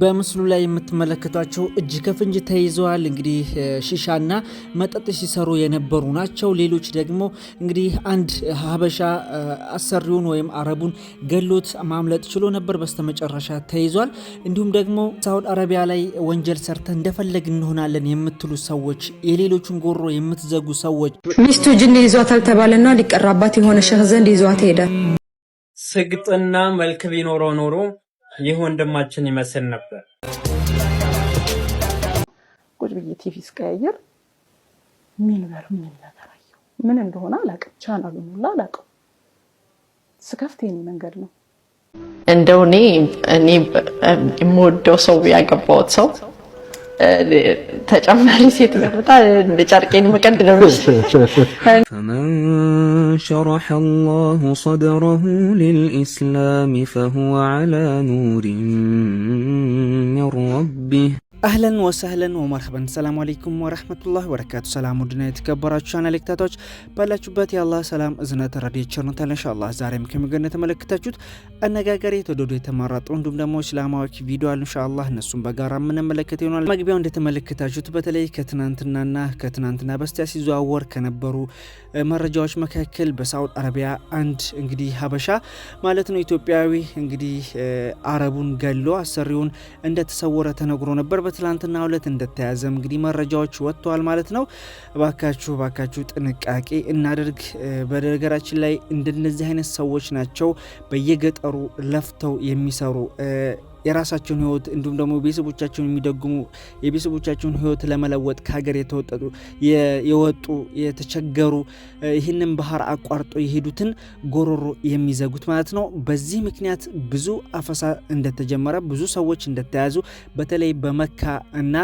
በምስሉ ላይ የምትመለከቷቸው እጅ ከፍንጅ ተይዘዋል። እንግዲህ ሺሻና መጠጥ ሲሰሩ የነበሩ ናቸው። ሌሎች ደግሞ እንግዲህ አንድ ሀበሻ አሰሪውን ወይም አረቡን ገሎት ማምለጥ ችሎ ነበር። በስተመጨረሻ ተይዟል። እንዲሁም ደግሞ ሳውዲ አረቢያ ላይ ወንጀል ሰርተ እንደፈለግ እንሆናለን የምትሉ ሰዎች፣ የሌሎችን ጎሮ የምትዘጉ ሰዎች ሚስቱ ጅን ይዟታል ተባለና ሊቀራባት የሆነ ሸህ ዘንድ ይዟት ሄደ። ስግጥና መልክ ቢኖረው ኖሮ ይህ ወንድማችን ይመስል ነበር። ቁጭ ብዬ ቲቪ ስቀያየር ምን ምን ነገር አየሁ። ምን እንደሆነ አላውቅም። ቻናሉን ሁላ አላውቅም። ስከፍት የኔ መንገድ ነው። እንደው እኔ እኔ የምወደው ሰው ያገባውት ሰው ተጨማሪ ሴት ገብታ እንደ ጨርቄን መቀድ ነው። ፈመን ሸረሐ አላሁ ሰድረሁ ሊልኢስላሚ ፈሁወ ዐላ ኑሪን ሚን ረቢህ አህለን ወሰህለን ወመርሐበን ሰላሙ አለይኩም ወረህመቱላህ ወበረካቱ። ሰላም ውድና የተከበራችሁ ቻናል ተከታታዮች ባላችሁበት የአላህ ሰላም እዝነት ረድኤት ቸርነት ኢንሻአላህ ዛሬም ከምገነ የተመለከታችሁት አነጋጋሪ የተወደዱ የተመረጡ እንዲሁም ደግሞ እስላማዊ ቪዲዮ አሉ ኢንሻአላህ እነሱን በጋራ የምንመለከት ይሆናል። መግቢያው እንደተመለከታችሁት በተለይ ከትናንትናና ከትናንትና በስቲያ ሲዘዋወር ከነበሩ መረጃዎች መካከል በሳውድ አረቢያ አንድ እንግዲህ ሀበሻ ማለት ነው ኢትዮጵያዊ እንግዲህ አረቡን ገሎ አሰሪውን እንደተሰወረ ተነግሮ ነበር። በትላንትናው ሁለት እንደተያዘ እንግዲህ መረጃዎች ወጥተዋል ማለት ነው። እባካችሁ እባካችሁ ጥንቃቄ እናደርግ። በነገራችን ላይ እንደነዚህ አይነት ሰዎች ናቸው በየገጠሩ ለፍተው የሚሰሩ የራሳቸውን ህይወት እንዲሁም ደግሞ ቤተሰቦቻቸውን የሚደጉሙ የቤተሰቦቻቸውን ህይወት ለመለወጥ ከሀገር የተወጠጡ የወጡ የተቸገሩ ይህንን ባህር አቋርጦ የሄዱትን ጎሮሮ የሚዘጉት ማለት ነው። በዚህ ምክንያት ብዙ አፈሳ እንደተጀመረ ብዙ ሰዎች እንደተያዙ በተለይ በመካ እና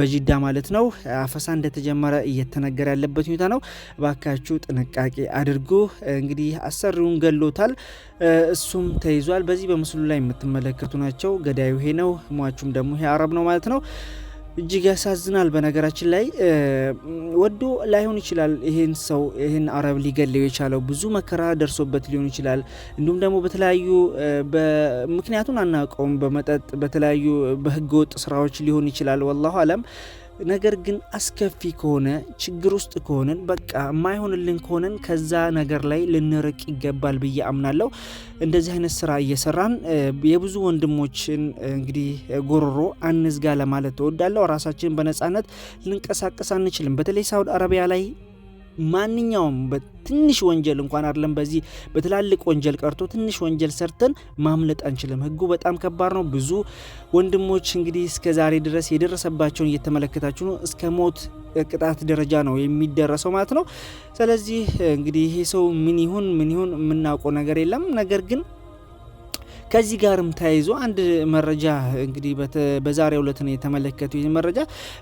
በጂዳ ማለት ነው አፈሳ እንደተጀመረ እየተነገረ ያለበት ሁኔታ ነው። ባካችሁ ጥንቃቄ አድርጉ። እንግዲህ አሰሪውን ገሎታል፣ እሱም ተይዟል። በዚህ በምስሉ ላይ የምትመለከቱ ናቸው። ናቸው። ገዳዩ ይሄ ነው፣ ሟቹም ደግሞ ይሄ አረብ ነው ማለት ነው። እጅግ ያሳዝናል። በነገራችን ላይ ወዶ ላይሆን ይችላል ይህን ሰው ይህን አረብ ሊገለው የቻለው ብዙ መከራ ደርሶበት ሊሆን ይችላል። እንዲሁም ደግሞ በተለያዩ ምክንያቱን አናውቀውም። በመጠጥ በተለያዩ በህገወጥ ስራዎች ሊሆን ይችላል። ወላሁ አለም ነገር ግን አስከፊ ከሆነ ችግር ውስጥ ከሆንን በቃ የማይሆንልን ከሆነን ከዛ ነገር ላይ ልንርቅ ይገባል ብዬ አምናለሁ። እንደዚህ አይነት ስራ እየሰራን የብዙ ወንድሞችን እንግዲህ ጎሮሮ አንዝጋ ለማለት ተወዳለሁ። ራሳችን በነጻነት ልንቀሳቀስ አንችልም። በተለይ ሳውዲ አረቢያ ላይ ማንኛውም ትንሽ ወንጀል እንኳን አይደለም፣ በዚህ በትላልቅ ወንጀል ቀርቶ ትንሽ ወንጀል ሰርተን ማምለጥ አንችልም። ህጉ በጣም ከባድ ነው። ብዙ ወንድሞች እንግዲህ እስከ ዛሬ ድረስ የደረሰባቸውን እየተመለከታችሁ ነው። እስከ ሞት ቅጣት ደረጃ ነው የሚደረሰው ማለት ነው። ስለዚህ እንግዲህ ይሄ ሰው ምን ይሁን ምን ይሁን የምናውቀው ነገር የለም ነገር ግን ከዚህ ጋርም ተያይዞ አንድ መረጃ እንግዲህ በዛሬው ዕለት ነው የተመለከቱ። ይህ መረጃ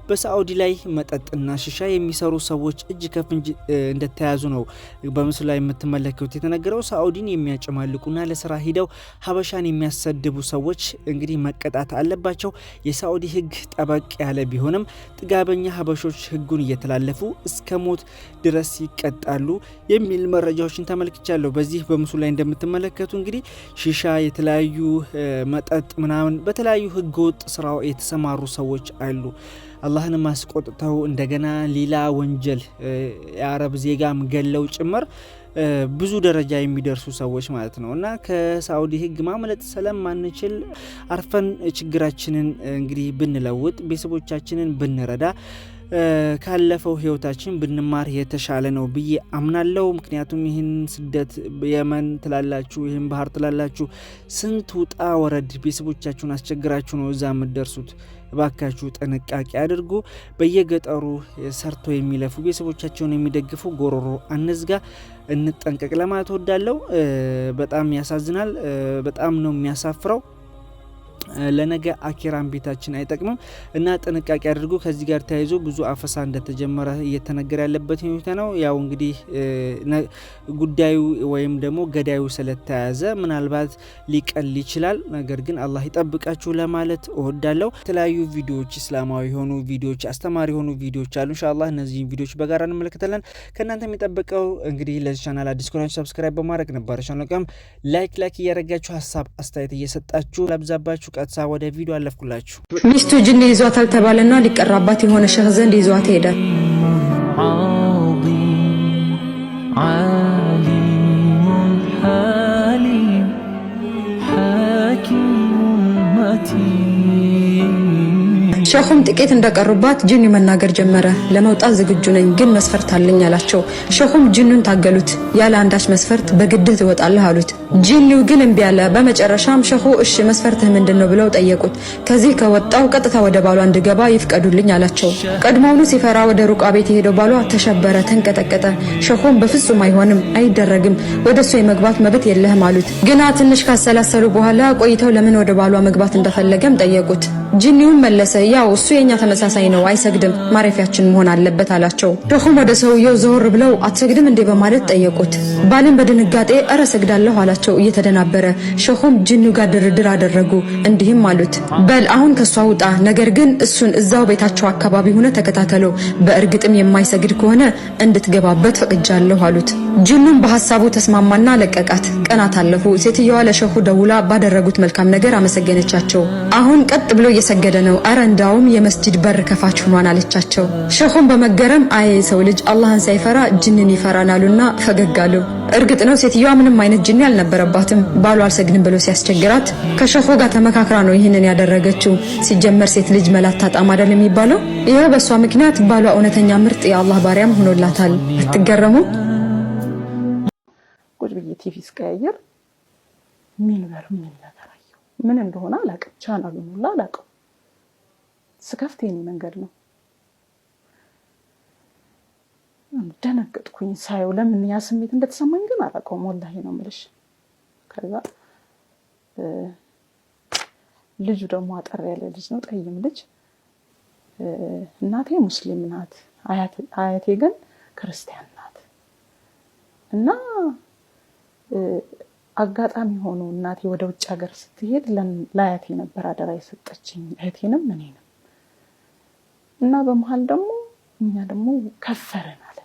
በሳዑዲ ላይ መጠጥና ሽሻ የሚሰሩ ሰዎች እጅ ከፍንጅ እንደተያዙ ነው በምስሉ ላይ የምትመለከቱት የተነገረው። ሳዑዲን የሚያጨማልቁና ለስራ ሂደው ሀበሻን የሚያሰድቡ ሰዎች እንግዲህ መቀጣት አለባቸው። የሳዑዲ ህግ ጠበቅ ያለ ቢሆንም ጥጋበኛ ሀበሾች ህጉን እየተላለፉ እስከ ሞት ድረስ ይቀጣሉ የሚል መረጃዎችን ተመልክቻለሁ። በዚህ በምስሉ ላይ እንደምትመለከቱ እንግዲህ ሽሻ የተለያዩ በተለያዩ መጠጥ ምናምን በተለያዩ ህገወጥ ስራው የተሰማሩ ሰዎች አሉ። አላህን ማስቆጥተው እንደገና ሌላ ወንጀል የአረብ ዜጋም ገለው ጭምር ብዙ ደረጃ የሚደርሱ ሰዎች ማለት ነው። እና ከሳውዲ ህግ ማምለጥ ስለማንችል አርፈን ችግራችንን እንግዲህ ብንለውጥ ቤተሰቦቻችንን ብንረዳ ካለፈው ህይወታችን ብንማር የተሻለ ነው ብዬ አምናለው። ምክንያቱም ይህን ስደት የመን ትላላችሁ፣ ይህን ባህር ትላላችሁ፣ ስንት ውጣ ወረድ ቤተሰቦቻችሁን አስቸግራችሁ ነው እዛ የምትደርሱት። እባካችሁ ጥንቃቄ አድርጉ። በየገጠሩ ሰርቶ የሚለፉ ቤተሰቦቻቸውን የሚደግፉ ጎሮሮ አንዝጋ፣ እንጠንቀቅ ለማለት ወዳለው። በጣም ያሳዝናል። በጣም ነው የሚያሳፍረው። ለነገ አኪራን ቤታችን አይጠቅምም እና ጥንቃቄ አድርጉ። ከዚህ ጋር ተያይዞ ብዙ አፈሳ እንደተጀመረ እየተነገረ ያለበት ሁኔታ ነው። ያው እንግዲህ ጉዳዩ ወይም ደግሞ ገዳዩ ስለተያዘ ምናልባት ሊቀል ይችላል። ነገር ግን አላህ ይጠብቃችሁ ለማለት እወዳለሁ። የተለያዩ ቪዲዮዎች፣ እስላማዊ የሆኑ ቪዲዮዎች፣ አስተማሪ የሆኑ ቪዲዮዎች አሉ። እንሻላ እነዚህን ቪዲዮዎች በጋራ እንመለከታለን። ከእናንተ የሚጠበቀው እንግዲህ ለዚህ ቻናል አዲስ ኮናች ሰብስክራይብ በማድረግ ነበር ቻናል ላይክ ላይክ እያደረጋችሁ ሀሳብ አስተያየት እየሰጣችሁ ለብዛባችሁ ቀጥታ ወደ ቪዲዮ አለፍኩላችሁ። ሚስቱ ጅን ይዟታል አልተባለና ሊቀራባት የሆነ ሸህ ዘንድ ይዟት ይሄዳል። ሸኹም ጥቂት እንደቀሩባት ጅኑ መናገር ጀመረ። ለመውጣት ዝግጁ ነኝ፣ ግን መስፈርት አለኝ አላቸው። ሸኹም ጅኑን ታገሉት። ያለ አንዳች መስፈርት በግድህ ትወጣለህ አሉት። ጅኒው ግን እምቢ አለ። በመጨረሻም ሸኹ እሺ መስፈርትህ ምንድን ነው ብለው ጠየቁት። ከዚህ ከወጣው ቀጥታ ወደ ባሏ እንድገባ ይፍቀዱልኝ አላቸው። ቀድሞውኑ ሲፈራ ወደ ሩቃ ቤት የሄደው ባሏ ተሸበረ፣ ተንቀጠቀጠ። ሸኹም በፍጹም አይሆንም፣ አይደረግም፣ ወደ እሱ የመግባት መብት የለህም አሉት። ግና ትንሽ ካሰላሰሉ በኋላ ቆይተው ለምን ወደ ባሏ መግባት እንደፈለገም ጠየቁት። ጅኒውም መለሰ ያ አዎ እሱ የኛ ተመሳሳይ ነው፣ አይሰግድም፣ ማረፊያችን መሆን አለበት አላቸው። ደሁም ወደ ሰውየው ዘወር ብለው አትሰግድም እንዴ በማለት ጠየቁት። ባልም በድንጋጤ እረ ሰግዳለሁ አላቸው እየተደናበረ። ሸሆም ጅኑ ጋር ድርድር አደረጉ። እንዲህም አሉት በል አሁን ከእሷ ውጣ፣ ነገር ግን እሱን እዛው ቤታቸው አካባቢ ሆነ ተከታተለው፣ በእርግጥም የማይሰግድ ከሆነ እንድትገባበት ፈቅጃለሁ አሉት። ጅኑን በሀሳቡ ተስማማና ለቀቃት። ቀናት አለፉ። ሴትየዋ ለሸሁ ደውላ ባደረጉት መልካም ነገር አመሰገነቻቸው። አሁን ቀጥ ብሎ እየሰገደ ነው፣ አረ እንዳውም የመስጂድ በር ከፋች ሆኗን አለቻቸው። ሸሁም በመገረም አየ ሰው ልጅ አላህን ሳይፈራ ጅንን ይፈራን አሉና ፈገግ አሉ። እርግጥ ነው ሴትየዋ ምንም አይነት ጅን አልነበረባትም። ባሉ አልሰግድም ብሎ ሲያስቸግራት ከሸሁ ጋር ተመካክራ ነው ይህንን ያደረገችው። ሲጀመር ሴት ልጅ መላት ታጣም አይደል የሚባለው? ይኸው በእሷ ምክንያት ባሏ እውነተኛ ምርጥ የአላህ ባሪያም ሆኖላታል። አትገረሙ? ቲቪ ስቀያየር ሚልበር ምን ነገር አየሁ። ምን እንደሆነ አላውቅም። ቻናሉን ሁላ አላውቅም። ስከፍት የኔ መንገድ ነው። ደነገጥኩኝ ሳየው። ለምን ያ ስሜት እንደተሰማኝ ግን አላውቀውም። ወላሂ ነው የምልሽ። ከዛ ልጁ ደግሞ አጠር ያለ ልጅ ነው፣ ጠይም ልጅ። እናቴ ሙስሊም ናት፣ አያቴ ግን ክርስቲያን ናት እና አጋጣሚ ሆኖ እናቴ ወደ ውጭ ሀገር ስትሄድ ለአያቴ ነበር አደራ የሰጠችኝ እህቴንም እኔንም። እና በመሀል ደግሞ እኛ ደግሞ ከፈረን አለ።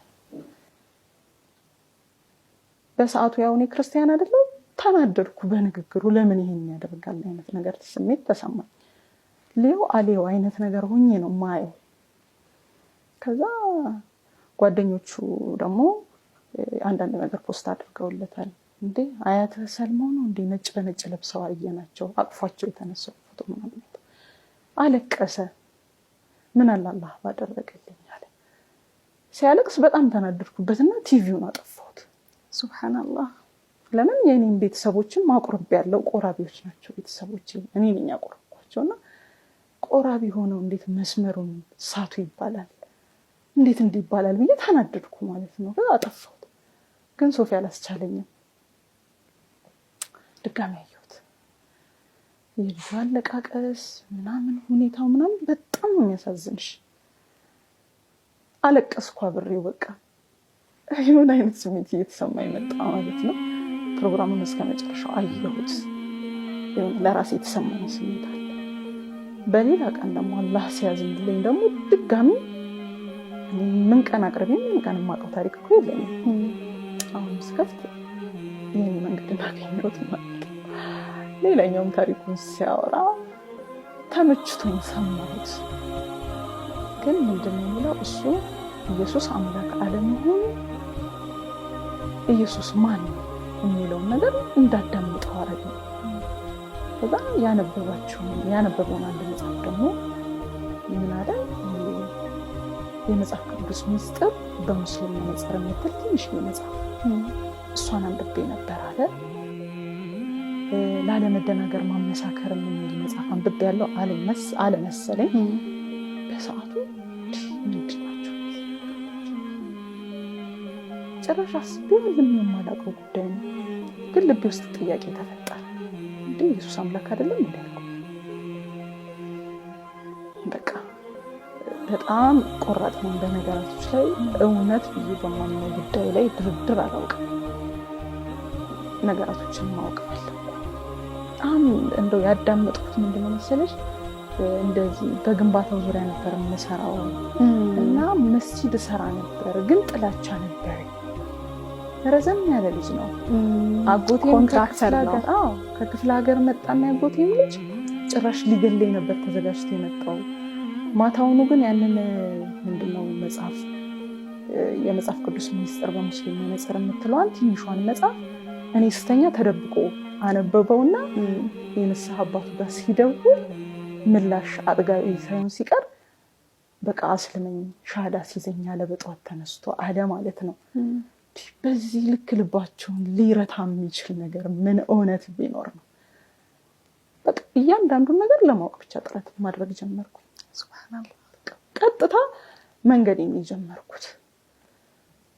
በሰዓቱ ያው እኔ ክርስቲያን አይደለሁ ተናደድኩ። በንግግሩ ለምን ይሄን ያደርጋል አይነት ነገር ስሜት ተሰማኝ። ሌው አሌው አይነት ነገር ሆኜ ነው ማየው። ከዛ ጓደኞቹ ደግሞ አንዳንድ ነገር ፖስት አድርገውለታል እንዴ አያተ ሰልሞ ነው እንዴ ነጭ በነጭ ለብሰው ናቸው አቅፏቸው የተነሳው ፎቶ ምናምን። አለቀሰ። ምን አለ አላህ ባደረገልኝ አለ። ሲያለቅስ በጣም ተናደድኩበትና ቲቪውን አጠፋሁት። ሱብሓነላህ። ለምን የእኔም ቤተሰቦችን ማቁረብ ያለው ቆራቢዎች ናቸው ቤተሰቦች፣ እኔ ነኝ ያቆረብኳቸው እና ቆራቢ ሆነው እንዴት መስመሩን ሳቱ ይባላል? እንዴት እንዲህ ይባላል ብዬ ተናደድኩ ማለት ነው። አጠፋሁት ግን ሶፊ አላስቻለኝም። ድጋሚ ያየሁት የልጇ አለቃቀስ ምናምን ሁኔታው ምናምን በጣም ነው የሚያሳዝንሽ። አለቀስኩ አብሬው በቃ የሆነ አይነት ስሜት እየተሰማ ይመጣ ማለት ነው። ፕሮግራሙን እስከ መጨረሻው አየሁት። ለራሴ የተሰማኝ ስሜት አለ። በሌላ ቀን ደግሞ አላህ ሲያዝንልኝ ደግሞ ድጋሚ ምን ቀን አቅርቤ ምን ቀን የማውቀው ታሪክ እኮ የለኝም። አሁን ስከፍት ይህን መንገድ እናገኘሁት ማለት ሌላኛውም ታሪኩን ሲያወራ ተመችቶኝ ሰማሁት። ግን ምንድን ነው የሚለው እሱ ኢየሱስ አምላክ አለመሆኑ ኢየሱስ ማን የሚለውን ነገር እንዳዳምጠው አረግ ነው። ከዛ ያነበባችሁን ያነበበውን አንድ መጽሐፍ ደግሞ ምናለ የመጽሐፍ ቅዱስ ምስጢር በምስሉ መነጽር የምትል ትንሽ መጽሐፍ እሷን አንብቤ ነበር አለ ላለመደናገር ማመሳከር የሚል መጽሐፍ አንብቤ ያለው አለመሰለኝ በሰዓቱ ምንድናቸው ናቸው ጭራሽ ምንም የማላውቀው ጉዳይ ነው። ግን ልቤ ውስጥ ጥያቄ ተፈጠረ። እንዲ ኢየሱስ አምላክ አይደለም እንዳልኩ በቃ በጣም ቆራጥ ነኝ በነገራቶች ላይ እውነት ብዬ በማምነው ጉዳይ ላይ ድርድር አላውቅም። ነገራቶችን ማወቅ አለ በጣም እንደው ያዳመጥኩት ምንድነው መሰለሽ እንደዚህ በግንባታው ዙሪያ ነበር የምሰራው እና መስጂድ እሰራ ነበር፣ ግን ጥላቻ ነበር። ረዘም ያለ ልጅ ነው አጎቴም ከክፍለ ሀገር መጣና ያጎቴም ልጅ ጭራሽ ሊገለኝ ነበር ተዘጋጅቶ የመጣው ማታውኑ ግን ያንን ምንድነው መጽሐፍ የመጽሐፍ ቅዱስ ሚኒስጥር በሙስሊም መነጽር የምትለዋን ትንሿን መጽሐፍ እኔ ስተኛ ተደብቆ አነበበውና የንስሐ አባቱ ጋር ሲደውል ምላሽ አጥጋቢ ሳይሆን ሲቀር በቃ አስልመኝ ሻዳ ሲዘኝ አለ። በጠዋት ተነስቶ አለ ማለት ነው። በዚህ ልክ ልባቸውን ሊረታ የሚችል ነገር ምን እውነት ቢኖር ነው? በቃ እያንዳንዱን ነገር ለማወቅ ብቻ ጥረት ማድረግ ጀመርኩ። ቀጥታ መንገድ የሚጀመርኩት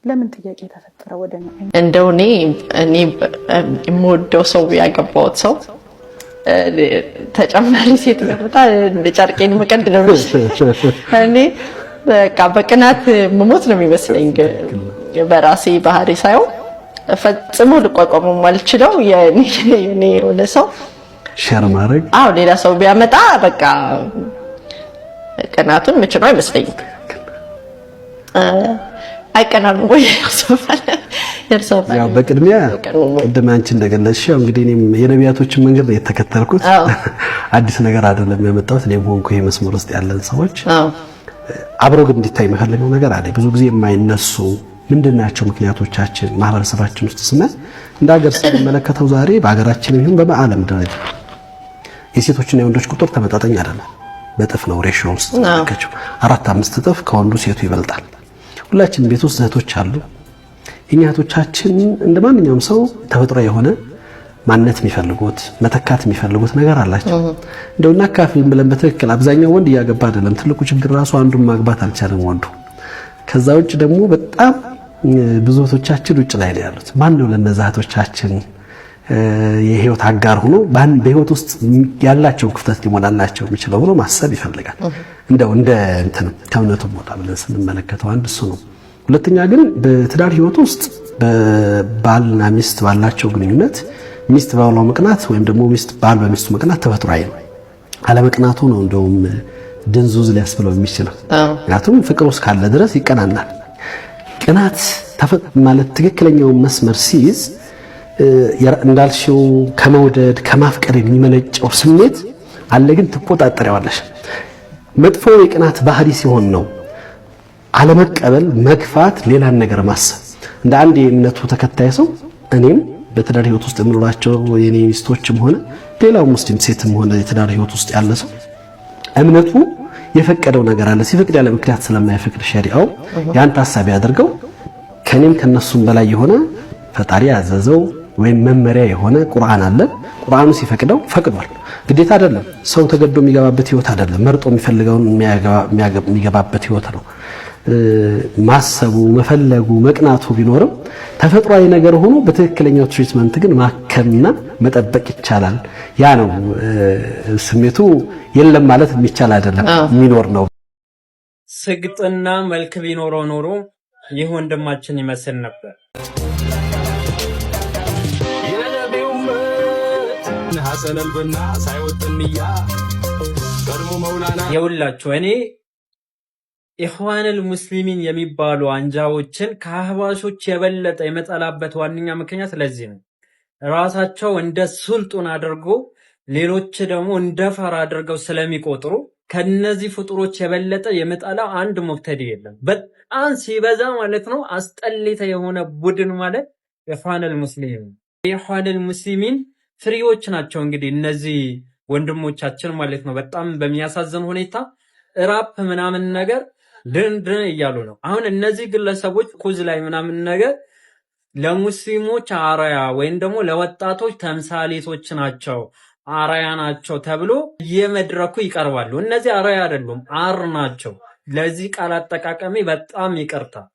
ለምን ጥያቄ ተፈጠረ? ወደ እንደው እኔ እኔ የምወደው ሰው ያገባሁት ሰው ተጨማሪ ሴት ገብታ ጨርቄን መቀንድ ነው። እኔ በቃ በቅናት መሞት ነው የሚመስለኝ። በራሴ ባህሪ ሳይሆን ፈጽሞ ልቋቋመው አልችለው የኔ የሆነ ሰው ሸር ማድረግ አዎ፣ ሌላ ሰው ቢያመጣ በቃ ቅናቱን ምችለው አይመስለኝም። አይቀናም ወይ ያው በቅድሚያ ቅድም አንቺ እንደገለሽ ያው እንግዲህ እኔም የነቢያቶችን መንገድ ነው የተከተልኩት። አዲስ ነገር አይደለም ያመጣሁት። እኔም ሆንኩ ይሄ መስመር ውስጥ ያለን ሰዎች አብሮ ግን እንዲታይ የምፈልገው ነገር አለ። ብዙ ጊዜ የማይነሱ ምንድናቸው ምክንያቶቻችን ማህበረሰባችን ውስጥ ስመ እንደ ሀገር ስንመለከተው ዛሬ በሀገራችን ይሁን በዓለም ደረጃ የሴቶችና የወንዶች ቁጥር ተመጣጣኝ አይደለም። በጥፍ ነው ሬሽዮ ውስጥ አራት አምስት እጥፍ ከወንዱ ሴቱ ይበልጣል። ሁላችን ቤት ውስጥ እህቶች አሉ። እኛ እህቶቻችን እንደ ማንኛውም ሰው ተፈጥሮ የሆነ ማንነት የሚፈልጉት መተካት የሚፈልጉት ነገር አላቸው። እንደው እናካፍል ብለን በትክክል አብዛኛው ወንድ እያገባ አይደለም። ትልቁ ችግር ራሱ አንዱን ማግባት አልቻለም ወንዱ። ከዛ ውጭ ደግሞ በጣም ብዙ እህቶቻችን ውጭ ላይ ነው ያሉት። ማን ነው ለነዛ እህቶቻችን የህይወት አጋር ሆኖ በህይወት ውስጥ ያላቸውን ክፍተት ሊሞላላቸው የሚችለው ብሎ ማሰብ ይፈልጋል። እንደው እንደ እንትን ከእምነቱ ቦታ ብለን ስንመለከተው አንድ እሱ ነው። ሁለተኛ ግን በትዳር ህይወት ውስጥ በባልና ሚስት ባላቸው ግንኙነት ሚስት ባሏ መቅናት ወይም ደግሞ ሚስት ባል በሚስቱ መቅናት ተፈጥሯዊ ነው። አለመቅናቱ ነው እንደውም ድንዙዝ ሊያስብለው የሚችለው። ምክንያቱም ፍቅር ውስጥ ካለ ድረስ ይቀናናል። ቅናት ማለት ትክክለኛውን መስመር ሲይዝ እንዳልሽው ከመውደድ ከማፍቀር የሚመነጨው ስሜት አለ፣ ግን ትቆጣጠሪዋለሽ። መጥፎ የቅናት ባህሪ ሲሆን ነው አለመቀበል፣ መግፋት፣ ሌላን ነገር ማሰብ። እንደ አንድ የእምነቱ ተከታይ ሰው እኔም በትዳር ህይወት ውስጥ የምኖራቸው የኔ ሚስቶችም ሆነ ሌላው ሙስሊም ሴትም ሆነ የትዳር ህይወት ውስጥ ያለ ሰው እምነቱ የፈቀደው ነገር አለ። ሲፈቅድ ያለ ምክንያት ስለማይፈቅድ ሸሪአው ያን ታሳቢ አድርገው ከኔም ከነሱም በላይ የሆነ ፈጣሪ ያዘዘው ወይም መመሪያ የሆነ ቁርአን አለ። ቁርአኑ ሲፈቅደው ፈቅዷል። ግዴታ አይደለም። ሰው ተገዶ የሚገባበት ህይወት አይደለም። መርጦ የሚፈልገውን የሚገባበት ህይወት ነው። ማሰቡ፣ መፈለጉ፣ መቅናቱ ቢኖርም ተፈጥሯዊ ነገር ሆኖ በትክክለኛው ትሪትመንት ግን ማከምና መጠበቅ ይቻላል። ያ ነው ስሜቱ። የለም ማለት የሚቻል አይደለም፣ የሚኖር ነው። ስግጥና መልክ ቢኖረው ኖሮ ይህ ወንድማችን ይመስል ነበር። ሐሰነል በና ሳይወጥንያ ቀድሞ መውላና የውላችሁ እኔ ኢኽዋነል ሙስሊሚን የሚባሉ አንጃዎችን ከአህባሾች የበለጠ የመጠላበት ዋነኛ ምክንያት ለዚህ ነው። ራሳቸው እንደ ሱልጡን አድርጎ ሌሎች ደግሞ እንደ ፈራ አድርገው ስለሚቆጥሩ ከነዚህ ፍጡሮች የበለጠ የመጠላ አንድ ሙብተዲ የለም። በጣም ሲበዛ ማለት ነው አስጠሊታ የሆነ ቡድን ማለት ኢኽዋነል ሙስሊሚን ኢኽዋነል ሙስሊሚን ፍሪዎች ናቸው። እንግዲህ እነዚህ ወንድሞቻችን ማለት ነው። በጣም በሚያሳዝን ሁኔታ ራፕ ምናምን ነገር ድንድን እያሉ ነው። አሁን እነዚህ ግለሰቦች ኩዝ ላይ ምናምን ነገር ለሙስሊሞች አራያ ወይም ደግሞ ለወጣቶች ተምሳሌቶች ናቸው፣ አራያ ናቸው ተብሎ የመድረኩ ይቀርባሉ። እነዚህ አራያ አይደሉም፣ አር ናቸው። ለዚህ ቃል አጠቃቀሚ በጣም ይቅርታ